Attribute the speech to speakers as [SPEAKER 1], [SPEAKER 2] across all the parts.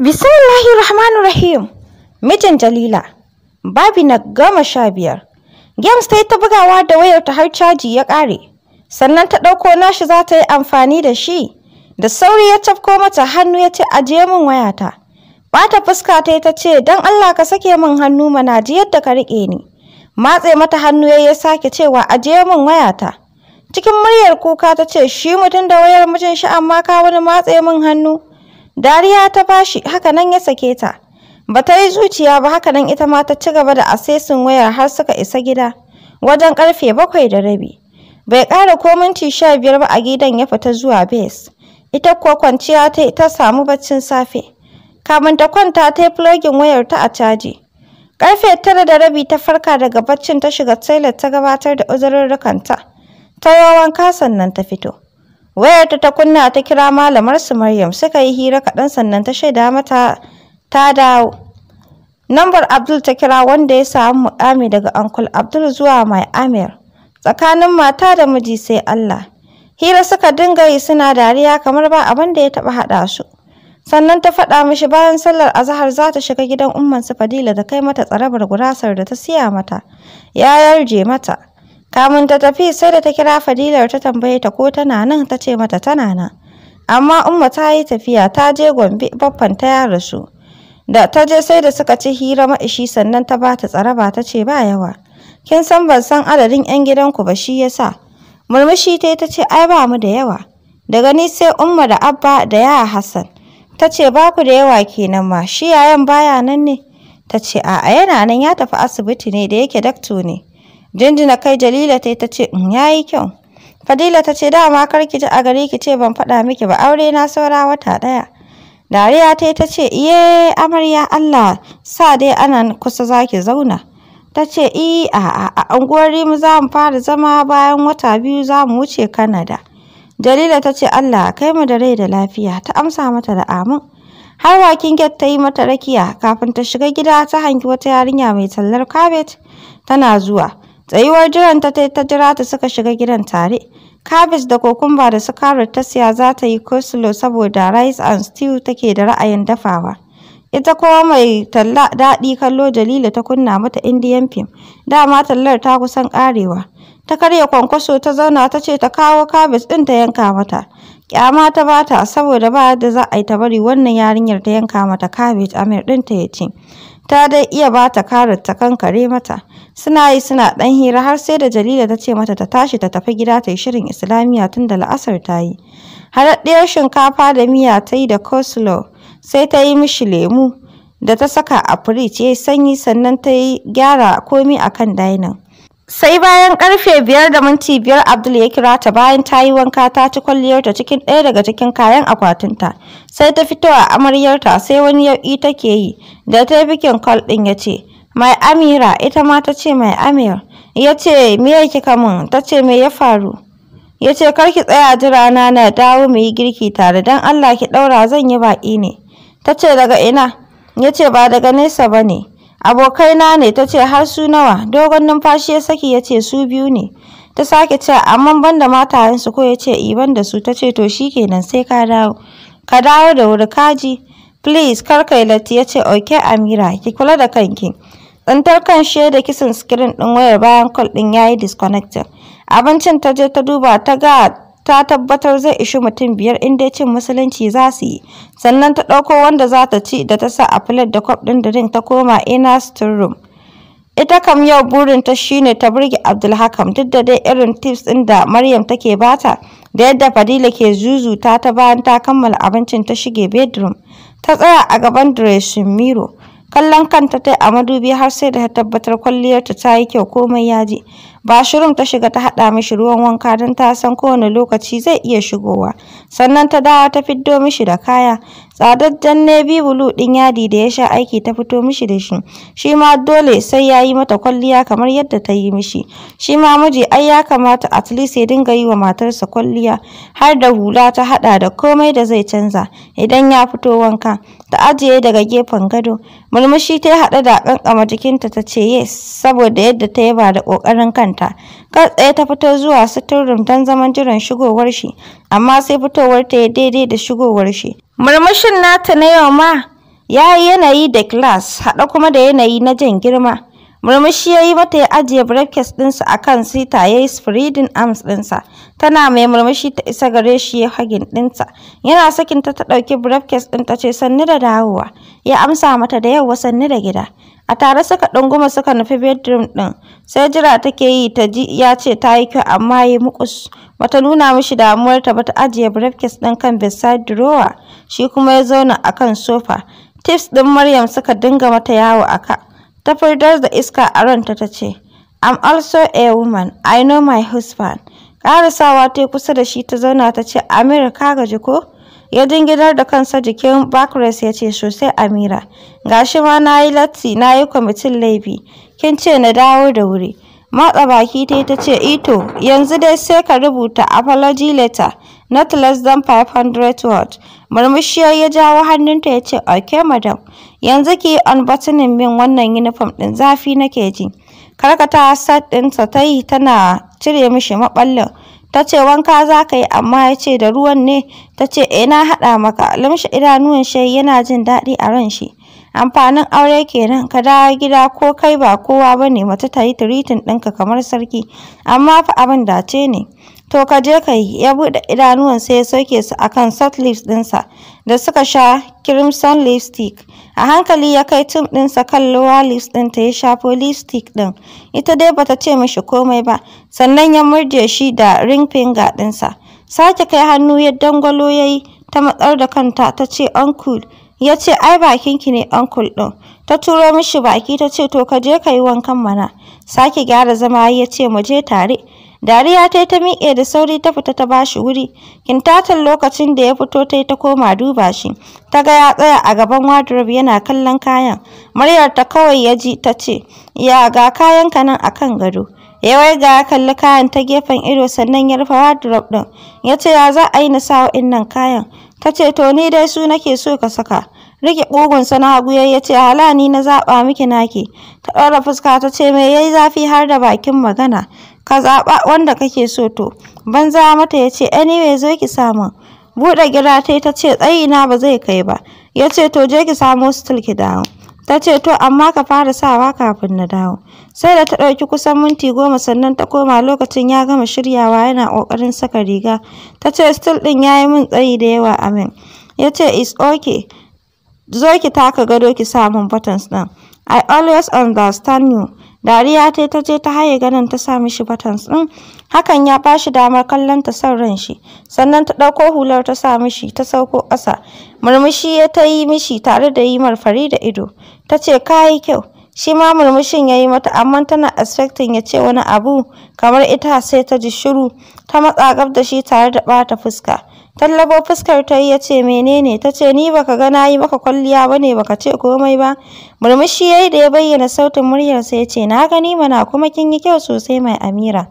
[SPEAKER 1] Bismillahir Rahmanir Rahim. Mijin Jalila. Babi na gama sha biyar. Games ta yi ta bugawa da wayarta har caji ya ƙare. Sannan ta ɗauko nashi za ta yi amfani da shi. Da sauri ya tafko mata hannu ya ce ajiye min wayata. Bata fuska ta ta ce don Allah ka sake min hannu mana ji yadda ka riƙe ni. Matse mata hannu ya ya sake cewa ajiye min wayata. Cikin muryar kuka ta ce shi mutum da wayar mijin shi amma ka wani matse min hannu. Dariya ta bashi hakanan ya sake ta. Bata yi zuciya ba hakanan ita ma ta ci gaba da asesin wayar har suka isa gida wajen karfe bakwai da rabi. Bai ƙara ko minti sha biyar ba a gidan ya fita zuwa bes. Ita kuwa kwanciya ta ta samu baccin safe. Kamin ta kwanta ta yi wayar ta a caji. Karfe tara da rabi ta farka daga baccin ta shiga toilet ta gabatar da uzurin rukanta. Ta yawan wanka nan ta fito. wayarta ta kunna ta kira malamar su Maryam suka yi hira kaɗan sannan ta shaida mata ta dawo nambar Abdul ta kira wanda ya samu muƙami daga Uncle Abdul zuwa mai Amir tsakanin mata da miji sai Allah hira suka dinga yi suna dariya kamar ba abin da ya taɓa haɗa su sannan ta faɗa mishi bayan sallar azahar za ta shiga gidan umman su Fadila da kai mata tsarabar gurasar da ta siya mata ya yarje mata Kamun ta tafi sai da ta kira Fadilar ta tambaye ta ko tana nan ta ce mata tana nan. Amma Umma ta yi tafiya ta je Gombe baffan ta ya rasu. Da ta je sai da suka ci hira ma'ishi sannan ta bata tsaraba ta ce ba yawa. Kin san ban san adadin 'yan gidanku ba shi yasa. Murmushi ta ta ce ai ba mu da yawa. Daga ni sai Umma da Abba da ya Hassan. Ta ce ba ku da yawa kenan ma shi yayan baya nan ne. Ta ce a'a yana nan ya tafi asibiti ne da yake dakto ne. jinjina kai jalila ta ta ce mm, ya yi kyau fadila ta ce dama ki ji a gari ki ce ban faɗa miki ba aure na saura wata ɗaya dariya ta ta ce iye amarya allah sa dai ana kusa zaki zauna ta ce i a a unguwar rimu za mu fara zama bayan wata biyu za mu wuce kanada jalila ta ce allah kai mu da rai da lafiya ta amsa mata da amin har wakin get ta yi mata rakiya kafin ta shiga gida ta hangi wata yarinya mai tallar kabet tana zuwa Tsayuwar jiran ta ta ta jira ta suka shiga gidan tare. Kabis da kokumba da su ta siya za ta yi coleslaw saboda rice and stew take da ra'ayin dafawa. Ita kuma mai talla daɗi kallo Jalila ta kunna mata Indian film. Dama tallar ta kusan karewa Ta karya kwankwaso ta zauna ta ce ta kawo kabis ɗin ta yanka mata. Kyama ta bata saboda ba da za a yi ta bari wannan yarinyar ta yanka mata kabis Amir ɗin ta ya ce. ta dai iya ba ta kare ta kankare mata. Suna yi suna dan hira har sai da Jalila ta ce mata ta tashi ta tafi gida ta yi shirin Islamiyya tun da la'asar ta yi. Haɗaɗɗiyar shinkafa da miya ta yi da coleslaw sai ta yi mishi lemu da ta saka a firij ya yi sanyi sannan ta yi gyara komi a kan dainin. sai bayan karfe biyar da minti biyar abdul ya kira ta bayan ta yi wanka ta ci kwalliyarta cikin ɗaya daga cikin kayan akwatinta sai ta fito a amaryarta sai wani yauƙi take yi da ta yi bikin kwal ɗin ya ce mai amira ita ma ta ce mai amir ya ce me ya kika min ta ce me ya faru ya ce ki tsaya jira na na dawo mu yi girki tare don allah ki ɗaura zan yi baƙi ne ta ce daga ina ya ce ba daga nesa ba ne abokaina ne ta ce har su nawa dogon numfashi ya saki ya ce su biyu ne ta sake ce amma ban da matayensu ko ya ce iban da su ta ce to shi kenan sai ka dawo ka dawo da wuri kaji please kar yi latti ya ce ok amira ki kula da kanki tsantar kan shi kisan screen din wayar bayan call din yayi disconnected abincin ta je ta duba ta ga ta tabbatar zai ishi mutum biyar inda cin musulunci za su yi sannan ta ɗauko wanda za ta ci da ta sa a filet da kwaf ɗin da drink ta koma ina sitting room ita kam yau burinta shine ta burge abdulhakam duk da dai irin tips ɗin da maryam take bata da yadda fadila ke zuzuta ta bayan ta kammala abincin ta shige bedroom ta tsaya a gaban dressin miro kallon kanta ta yi a madubi har sai da ta tabbatar kwalliyarta ta yi kyau komai ya je Bashirum ta shiga ta haɗa mishi ruwan wanka don ta san kowane lokaci zai iya shigowa. Sannan ta dawo ta fiddo mishi da kaya. Tsadajjen navy bulu ɗin yadi da ya sha aiki ta fito mishi da shi. Shi ma dole sai ya yi mata kwalliya kamar yadda ta yi mishi. Shi ma miji ai ya kamata at least ya dinga yi wa matarsa kwalliya. Har da hula ta haɗa da komai da zai canza idan ya fito wanka. Ta ajiye daga gefen gado. Mulmushi ta haɗa da ƙanƙama jikinta ta ce yes saboda yadda ta yaba da ƙoƙarin kan kanta kar tsaye ta fito zuwa suturin don zaman jiran shigowar shi amma sai fitowar ta ya daidai da shigowar shi murmushin nata na yau ma ya yi yanayi da class haɗe kuma da yanayi na jan girma murmushi ya yi mata ya ajiye breakfast ɗinsa a kan sita ya yi spreading arms ɗinsa tana mai murmushi ta isa gare shi ya hagin ɗinta yana sakinta ta ɗauki breakfast ɗin ta ce sannu da dawowa ya amsa mata da yau, sannu da gida A tare suka ɗunguma suka nufi bedroom ɗin, sai jira take yi ta ji ya ce ta yi kyau amma ya yi muƙus. Bata nuna mishi damuwar ta bata ajiye briefcase ɗin kan bedside drawer, shi kuma ya zauna a kan sofa. Tips ɗin Maryam suka dinga mata yawo a ka. Ta furdar da iska a ranta ta ce, I'm also a woman, I know my husband. Ƙarasawa ta kusa da shi ta zauna ta ce, Amir ka gaji ko? ya jinginar da kansa jikin Bakres ya ce sosai Amira gashi ma na yi latti na yi kwamitin laifi kin ce na dawo da wuri matsa baki ta ta ce ito yanzu dai sai ka rubuta apology letter not less than 500 word murmushi ya jawo hannunta ya ce ok madam yanzu ki an batunin min wannan uniform din zafi nake ji karkata sat ɗinsa ta yi tana cire mishi maballin. ta ce wanka za ka yi amma ya ce da ruwan ne ta ce e na haɗa maka lamshi idanuwan shi yana jin daɗi a ran shi amfanin aure kenan ka dawo gida ko kai ba kowa ba ne mace ta yi tiritin ɗinka kamar sarki amma fa abin dace ne to ka je ka yi ya buɗe idanuwan sai ya soke su akan soft lips ɗinsa da suka sha crimson lipstick a hankali ya kai tim ɗinsa kan lower lips ta ya shafo lipstick ɗin ita dai bata ce mishi komai ba sannan ya murje shi da ring finger ɗinsa sake kai hannu ya dangwalo ya yi ta matsar da kanta ta ce uncle ya ce ai bakinki ne uncle ɗin ta turo mishi baki ta ce to ka je ka yi wankan mana sake gyara zama ya ce mu je tare Dariya ta yi ta miƙe da sauri ta fita ta bashi wuri. Kintatan lokacin da ya fito ta yi ta koma duba shi. Ta ga ya tsaya a gaban wardrobe yana kallon kayan. Muryar ta kawai ya ji ta ce, "Ya ga kayan ka nan akan gado." Ya ga ya kalli kayan ta gefen ido sannan ya rufe wardrobe ɗin. Ya ce, "Ya za a yi na sa waɗannan kayan?" Ta ce, "To ni dai su nake so ka saka." rike ƙugunsa na hagu ya ce hala ni na zaɓa miki naki ta ɗora fuska ta ce me yayi zafi har da bakin magana ka zaɓa wanda kake so to banza mata ya ce anyway zo ki samu buɗe gira ta ta ce tsayina ba zai kai ba ya ce to je ki samu hostel ki dawo ta ce to amma ka fara sawa kafin na dawo sai da ta ɗauki kusan minti goma sannan ta koma lokacin ya gama shiryawa yana ƙoƙarin saka riga ta ce stil ɗin ya yi min tsayi da yawa amin ya ce is okay zo ki taka gado ki samun buttons ɗin i always understand you Dariya ta ta je ta haye ganin ta sa mishi buttons ɗin. Hakan ya ba shi damar kallon ta son ran shi. Sannan ta ɗauko hular ta sa mishi ta sauko ƙasa. Murmushi ya ta yi mishi tare da yi marfari da ido. Ta ce ka kyau. Shi ma murmushin ya yi mata amma tana expecting ya ce wani abu kamar ita sai ta ji shiru. Ta matsa gab da shi tare da ɓata fuska. Tallabo fuskar ta yi ya ce menene ta ce ni baka ga na yi maka kwalliya ba ne baka ce komai ba. Murmushi ya yi da ya bayyana sautin muryarsa ya ce na gani mana kuma kin yi kyau sosai mai amira.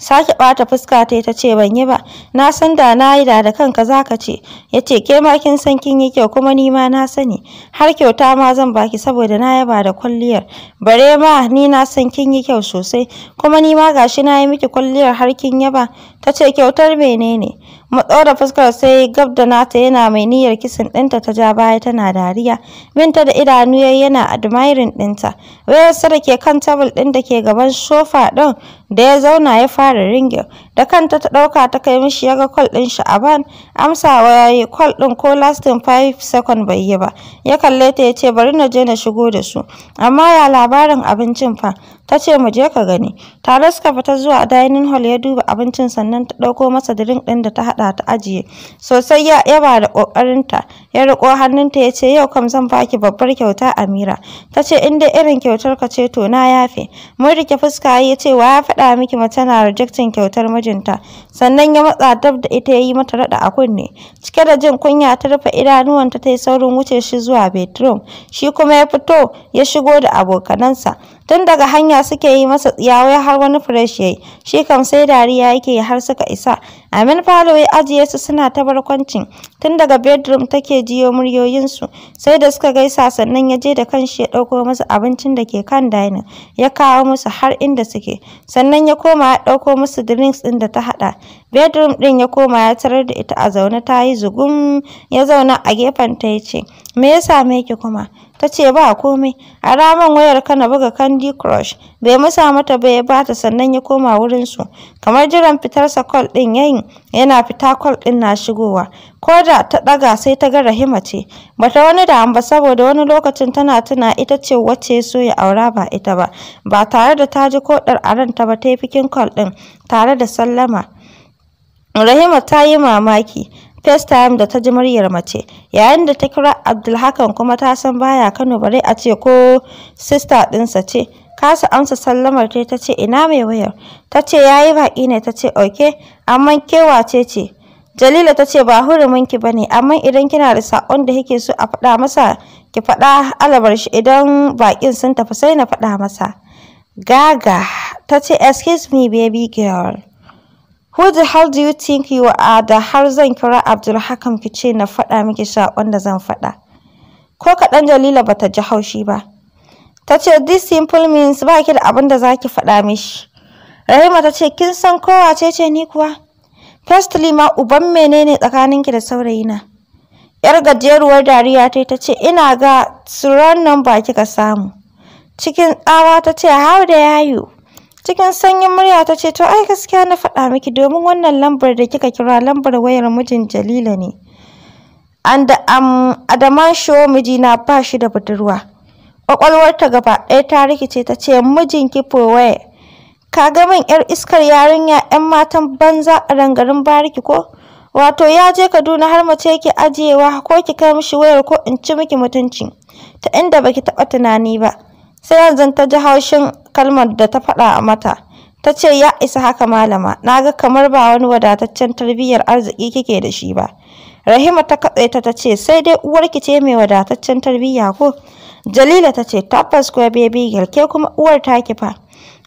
[SPEAKER 1] sake ɓata fuska ta ta ce ban yi ba na san da na yi da da kanka zaka ce ya ke ma kin san kin yi kyau kuma ni ma na sani har kyauta ma zan baki saboda na yaba da kwalliyar bare ma ni na san kin yi kyau sosai kuma ni ma gashi na yi miki kwalliyar har kin yaba ta ce kyautar menene mu da fuskar sai gab da nata yana mai niyyar kisan ɗinta ta ja baya tana dariya binta da idanu yayi yana admiring ɗinta wayar sarake kan tabul ɗin da ke gaban sofa ɗin da ya zauna ya fara ƙara ringin da kanta ta ɗauka ta kai mishi ya ga kwal ɗin shi a ban amsawa ya yi kwal ɗin ko lastin 5 second bai yi ba ya kalle ta ya ce bari na je na shigo da su amma ya labarin abincin fa ta ce mu je ka gani ta raska fita zuwa dining hall ya duba abincin sannan ta ɗauko masa drink ɗin da ta haɗa ta ajiye sosai ya yaba da ƙoƙarinta ya riƙo hannunta ya ce yau kam zan baki babbar kyauta amira ta ce in dai irin kyautar ka ce to na yafe mun rike fuska ya ce wa ya faɗa miki mace na rejectin kyautar mijinta sannan ya matsa dab da ita ya yi mata raɗa a kunne cike da jin kunya ta rufe idanuwanta ta yi saurin wuce shi zuwa bedroom shi kuma ya fito ya shigo da abokanansa tun daga hanya suke yi masa tsiyawai har wani fresh yayi shi kam sai dariya yake har suka isa amin falo ya ajiye su suna ta barkwancin tun daga bedroom take jiyo muryoyinsu sai da suka gaisa sannan ya je da kanshi ya ɗauko masa abincin da ke kan dining ya kawo musu har inda suke sannan ya koma ya ɗauko musu drinks ɗin da ta haɗa bedroom ɗin ya koma ya tarar da ita a zaune ta yi zugun ya zauna a gefen ta ya ce me yasa me ki kuma ta ce ba komai a ramin wayar kana buga candy crush bai musa mata ba ya bata sannan ya koma wurin su. kamar jiran fitarsa kwal din yayin yana fita kwal din na shigowa ko da ta daga sai ta ga rahima ce bata wani damu ba saboda wani lokacin tana tuna ita ce wacce so ya aura ba ita ba ba tare da ta ji ko ɗar a ba ta yi fikin kwal din, tare da sallama Rahima ta yi mamaki FaceTime da ta ji muryar mace yayin da ta kira Abdulhakan kuma ta san baya Kano bare a ce ko sister ɗinsa ce kasa amsa sallamar ta ta ce ina mai wayar ta ce ya yi ne ta ce oke amma kewace ce Jalila ta ce ba ki ba ne amma idan kina da saƙon da kike so a faɗa masa ki faɗa alabar shi idan bakin sun tafi sai na faɗa masa Gaga ta ce excuse me baby girl Who the hell do you think you are da har zan kira Abdulhakam ki ce na faɗa miki saƙon da zan faɗa. Ko kaɗan Jalila bata ji haushi ba. Ta ce this simple means ba ki da abin da za ki faɗa mishi. Rahima ta ce kin san kowa ce ce ni kuwa? Firstly ma uban menene tsakaninki da saurayina? Yar gajeruwar dariya ta ta ce ina ga tsuron nan ba kika samu. Cikin tsawa ta ce how dare you? Cikin sanyin murya ta ce, To ai gaskiya na faɗa miki domin wannan lambar da kika kira lambar wayar mijin Jalila ne. And um, miji mijina ba shi da budurwa. ta gaba ɗaya ta rikice ta ce, Mijin kifo waya. Ka ga min 'yar iskar yarinya 'yan matan banza a rangarin bariki ko? Wato ya je Kaduna har mace yake ajiyewa ko ki kai mishi wayar ko in ci miki mutunci. Ta inda baki taɓa tunani ba. Sai yanzu ta ji haushin kalmar da ta faɗa mata ta ce ya isa haka malama na ga kamar ba wani wadataccen tarbiyyar arziki kike da shi ba rahima ta katse ta ta ce sai dai uwarki ce mai wadataccen tarbiyya ko jalila ta ce tabbas ko baby girl ke kuma uwar ta ki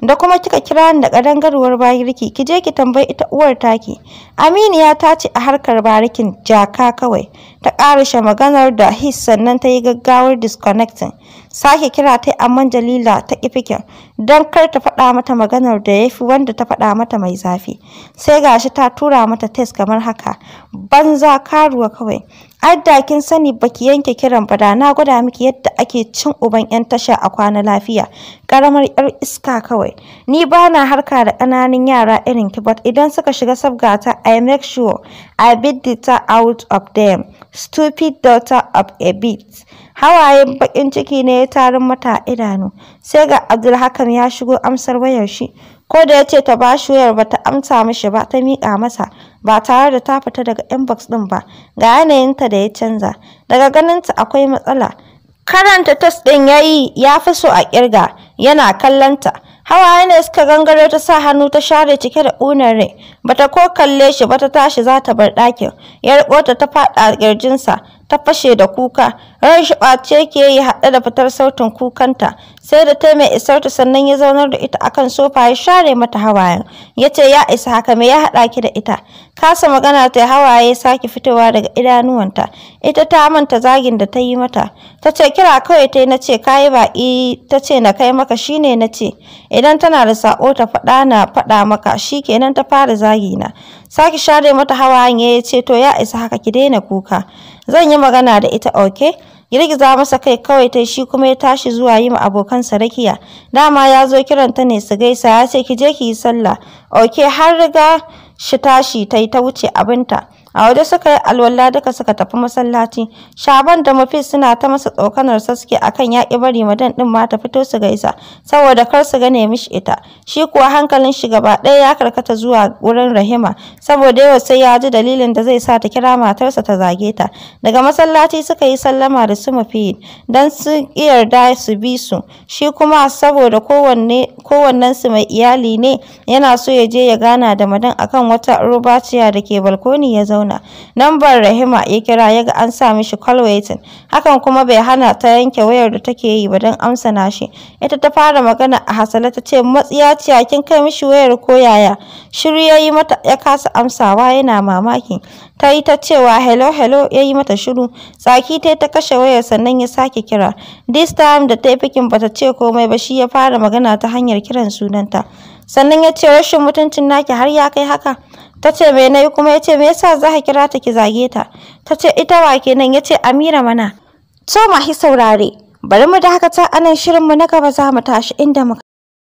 [SPEAKER 1] da kuma kika kira ni da kadangarwar bayirki? ki je ki tambayi ita uwar taki aminiya ta ce a harkar barikin jaka kawai ta karishe maganar da his sannan ta yi gaggawar disconnecting sake kira ta amma jalila ta kifikin don kar ta faɗa mata maganar da ya fi wanda ta faɗa mata mai zafi sai gashi ta tura mata test kamar haka banza karuwa kawai adda kin sani baki yanke kiran bada na gwada miki yadda ake cin uban yan tasha a kwana lafiya karamar yar iska kawai ni bana harka da ƙananan yara irin ki but idan suka shiga sabgata i make sure i beat the out of them stupid daughter of a bit hawayen bakin ciki ne ya tarin mata idanu sai ga abdulhakam ya shigo amsar wayar shi ko da ya ta bashi wayar bata amsa mishi ba ta miƙa masa ba tare da ta fita daga inbox ɗin ba ga yanayinta da ya canza daga ganinta akwai matsala karanta tas ɗin yayi ya fi so a ƙirga yana kallonta hawaye ne suka gangaro ta sa hannu ta share cike da ƙunar rai bata ko kalle shi bata tashi za ta bar ɗakin ya ta ta faɗa ƙirjinsa ta fashe da kuka ran shi ɓace yake yi haɗe da fitar sautin kukanta sai da ta mai isar ta sannan ya zaunar da ita akan sofa ya share mata hawayen ya ce ya isa haka me ya haɗa ki da ita kasa magana ta hawaye sake fitowa daga idanuwanta ita ta manta zagin da ta yi mata ta ce kira kawai ta yi na ce kayi baƙi ta ce na kai maka shine na ce idan tana da saƙo ta faɗa na faɗa maka shi kenan ta fara zagina sake share mata hawayen ya ce to ya isa haka ki daina kuka zan yi magana da ita okay girgiza masa kai kawai ta shi kuma ya tashi zuwa yi ma abokansa rakiya dama ya zo kiranta ne su gaisa ya ce ki je ki yi sallah okay har riga shi tashi ta yi ta wuce abinta a waje suka yi alwala duka suka tafi masallaci shaban da mafi suna ta masa tsokanar saske akan ya ki bari madan din ma ta fito su gaisa saboda kar su gane mishi ita shi kuwa hankalin shi gaba ɗaya ya karkata zuwa wurin rahima saboda yau sai ya ji dalilin da zai sa ta kira matarsa ta zage ta daga masallaci suka yi sallama da su mafi dan su yarda su bi su shi kuma saboda kowanne su mai iyali ne yana so ya je ya gana da madan akan wata rubaciya da ke balkoni ya zauna zauna. Nambar Rahima ya kira ya ga an sa mishi call waiting. Hakan kuma bai hana ta yanke wayar da take yi ba don amsa nashi. Ita ta fara magana a hasala ta ce matsiya ce kin kai mishi wayar ko yaya. Shiru yayi mata ya kasa amsawa yana mamaki. Ta yi ta cewa hello hello ya yi mata shiru. Tsaki ta ta kashe wayar sannan ya sake kira. This time da ta yi fikin bata ce komai ba shi ya fara magana ta hanyar kiran sunanta. sannan ya ce rashin mutuncin naki har ya kai haka ta ce me na yi kuma ya ce me yasa za ka kira ta ki zage ta ta ce ita wa kenan ya ce amira mana to ma mahi saurare bari mu da dakata anan mu na gaba za mu tashi inda muka